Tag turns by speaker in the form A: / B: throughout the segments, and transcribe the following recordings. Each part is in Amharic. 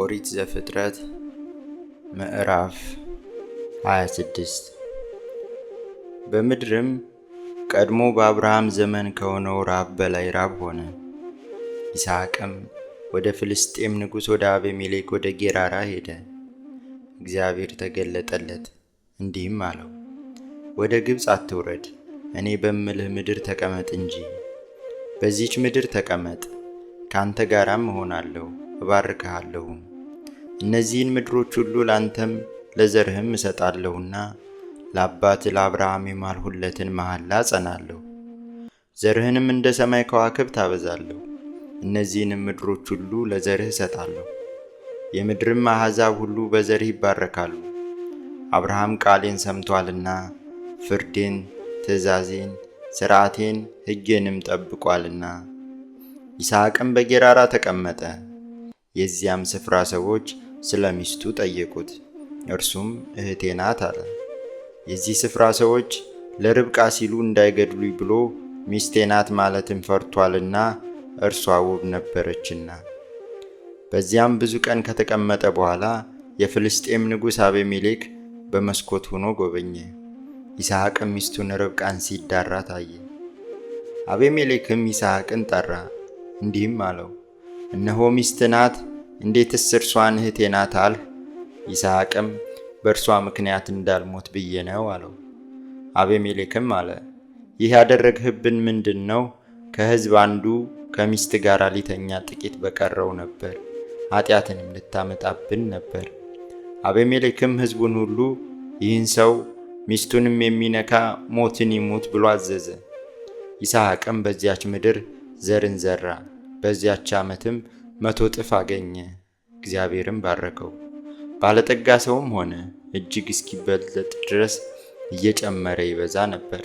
A: ኦሪት ዘፍጥረት ምዕራፍ 26 በምድርም ቀድሞ በአብርሃም ዘመን ከሆነው ራብ በላይ ራብ ሆነ። ይስሐቅም ወደ ፍልስጤም ንጉሥ ወደ አቤሜሌክ ወደ ጌራራ ሄደ። እግዚአብሔር ተገለጠለት እንዲህም አለው፣ ወደ ግብፅ አትውረድ፣ እኔ በምልህ ምድር ተቀመጥ እንጂ በዚች ምድር ተቀመጥ፣ ካንተ ጋራም እሆናለሁ እባርክሃለሁ። እነዚህን ምድሮች ሁሉ ላንተም ለዘርህም እሰጣለሁና ለአባት ለአብርሃም የማልሁለትን መሐላ እጸናለሁ። ዘርህንም እንደ ሰማይ ከዋክብ ታበዛለሁ እነዚህንም ምድሮች ሁሉ ለዘርህ እሰጣለሁ። የምድርም አሕዛብ ሁሉ በዘርህ ይባረካሉ። አብርሃም ቃሌን ሰምቷልና ፍርዴን፣ ትእዛዜን፣ ሥርዓቴን፣ ሕጌንም ጠብቋልና። ይስሐቅም በጌራራ ተቀመጠ። የዚያም ስፍራ ሰዎች ስለ ሚስቱ ጠየቁት። እርሱም እህቴ ናት አለ። የዚህ ስፍራ ሰዎች ለርብቃ ሲሉ እንዳይገድሉኝ ብሎ ሚስቴ ናት ማለትን ፈርቷልና እርሷ ውብ ነበረችና። በዚያም ብዙ ቀን ከተቀመጠ በኋላ የፍልስጤም ንጉሥ አቤሜሌክ በመስኮት ሆኖ ጎበኘ። ይስሐቅም ሚስቱን ርብቃን ሲዳራ ታየ። አቤሜሌክም ይስሐቅን ጠራ፣ እንዲህም አለው እነሆ ሚስት ናት፣ እንዴትስ እርሷን እህቴ ናት አልህ? ይስሐቅም በእርሷ ምክንያት እንዳልሞት ብዬ ነው አለው። አቤሜሌክም አለ ይህ ያደረግህብን ምንድን ነው? ከሕዝብ አንዱ ከሚስት ጋር ሊተኛ ጥቂት በቀረው ነበር፣ ኃጢአትንም ልታመጣብን ነበር። አቤሜሌክም ሕዝቡን ሁሉ ይህን ሰው ሚስቱንም የሚነካ ሞትን ይሙት ብሎ አዘዘ። ይስሐቅም በዚያች ምድር ዘርን ዘራ። በዚያች ዓመትም መቶ ጥፍ አገኘ። እግዚአብሔርም ባረከው፣ ባለጠጋ ሰውም ሆነ። እጅግ እስኪበለጥ ድረስ እየጨመረ ይበዛ ነበር።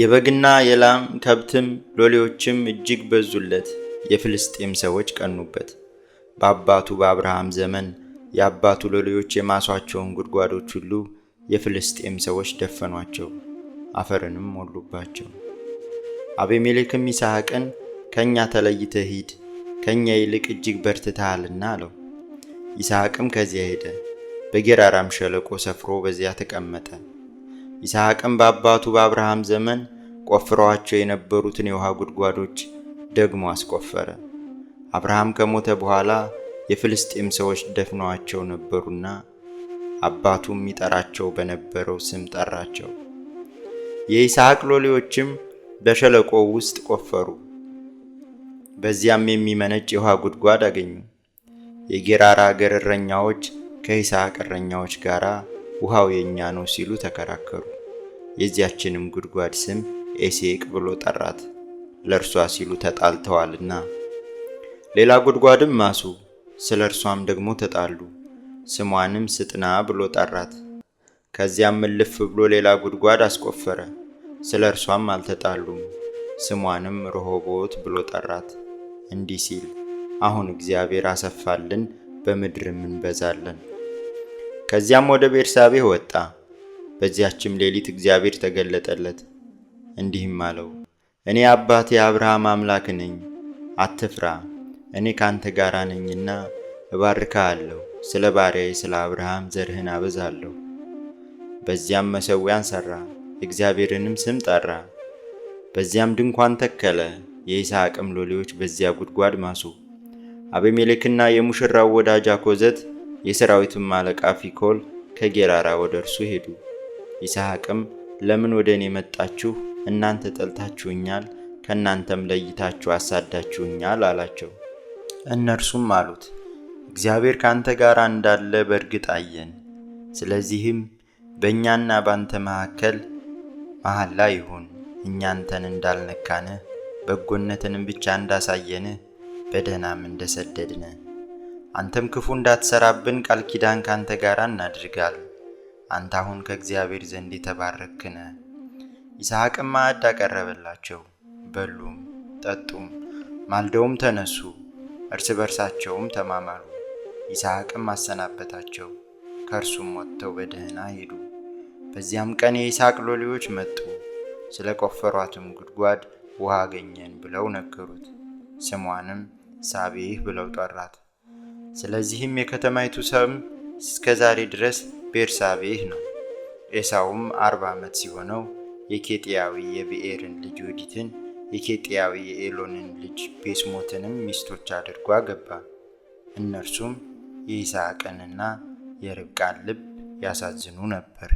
A: የበግና የላም ከብትም ሎሌዎችም እጅግ በዙለት። የፍልስጤም ሰዎች ቀኑበት። በአባቱ በአብርሃም ዘመን የአባቱ ሎሌዎች የማሷቸውን ጉድጓዶች ሁሉ የፍልስጤም ሰዎች ደፈኗቸው፣ አፈርንም ሞሉባቸው። አቤሜሌክም ይስሐቅን ከእኛ ተለይተህ ሂድ፣ ከእኛ ይልቅ እጅግ በርትተሃልና አለው። ይስሐቅም ከዚያ ሄደ፣ በጌራራም ሸለቆ ሰፍሮ በዚያ ተቀመጠ። ይስሐቅም በአባቱ በአብርሃም ዘመን ቆፍረዋቸው የነበሩትን የውሃ ጉድጓዶች ደግሞ አስቆፈረ። አብርሃም ከሞተ በኋላ የፍልስጤም ሰዎች ደፍነዋቸው ነበሩና አባቱም ይጠራቸው በነበረው ስም ጠራቸው። የይስሐቅ ሎሌዎችም በሸለቆው ውስጥ ቆፈሩ። በዚያም የሚመነጭ የውሃ ጉድጓድ አገኙ። የጌራራ አገር እረኛዎች ከይስሐቅ እረኛዎች ጋር ውሃው የእኛ ነው ሲሉ ተከራከሩ። የዚያችንም ጉድጓድ ስም ኤሴቅ ብሎ ጠራት፣ ለእርሷ ሲሉ ተጣልተዋልና። ሌላ ጉድጓድም ማሱ፣ ስለ እርሷም ደግሞ ተጣሉ። ስሟንም ስጥና ብሎ ጠራት። ከዚያም እልፍ ብሎ ሌላ ጉድጓድ አስቆፈረ፣ ስለ እርሷም አልተጣሉም። ስሟንም ረሆቦት ብሎ ጠራት። እንዲህ ሲል አሁን እግዚአብሔር አሰፋልን፣ በምድርም እንበዛለን። ከዚያም ወደ ቤርሳቤህ ወጣ። በዚያችም ሌሊት እግዚአብሔር ተገለጠለት እንዲህም አለው፣ እኔ አባት የአብርሃም አምላክ ነኝ፣ አትፍራ፣ እኔ ካንተ ጋር ነኝና እባርክሃለሁ። ስለ ባሪያዬ ስለ አብርሃም ዘርህን አበዛለሁ። በዚያም መሠዊያን ሠራ፣ እግዚአብሔርንም ስም ጠራ። በዚያም ድንኳን ተከለ፣ የይስሐቅም ሎሌዎች በዚያ ጉድጓድ ማሱ። አቤሜሌክና የሙሽራው ወዳጅ አኮዘት የሰራዊትም አለቃ ፊኮል ከጌራራ ወደ እርሱ ሄዱ። ይስሐቅም ለምን ወደ እኔ መጣችሁ? እናንተ ጠልታችሁኛል፣ ከእናንተም ለይታችሁ አሳዳችሁኛል አላቸው። እነርሱም አሉት እግዚአብሔር ካንተ ጋር እንዳለ በእርግጥ አየን። ስለዚህም በእኛና ባንተ መካከል መሐላ ይሁን፣ እኛንተን አንተን እንዳልነካንህ በጎነትንም ብቻ እንዳሳየን በደህናም እንደሰደድን አንተም ክፉ እንዳትሰራብን ቃል ኪዳን ካንተ ጋር እናድርጋል። አንተ አሁን ከእግዚአብሔር ዘንድ የተባረክነ። ይስሐቅም ማዕድ አቀረበላቸው፣ በሉም ጠጡም፣ ማልደውም ተነሱ፣ እርስ በርሳቸውም ተማማሉ። ይስሐቅም አሰናበታቸው፣ ከእርሱም ወጥተው በደህና ሄዱ። በዚያም ቀን የይስሐቅ ሎሌዎች መጡ፣ ስለ ቆፈሯትም ጉድጓድ ውሃ አገኘን ብለው ነገሩት። ስሟንም ሳቤህ ብለው ጠራት። ስለዚህም የከተማይቱ ሰም እስከ ዛሬ ድረስ ቤርሳቤህ ነው። ኤሳውም አርባ ዓመት ሲሆነው የኬጥያዊ የብኤርን ልጅ ወዲትን የኬጥያዊ የኤሎንን ልጅ ቤስሞትንም ሚስቶች አድርጎ አገባ። እነርሱም የይስሐቅንና የርብቃን ልብ ያሳዝኑ ነበር።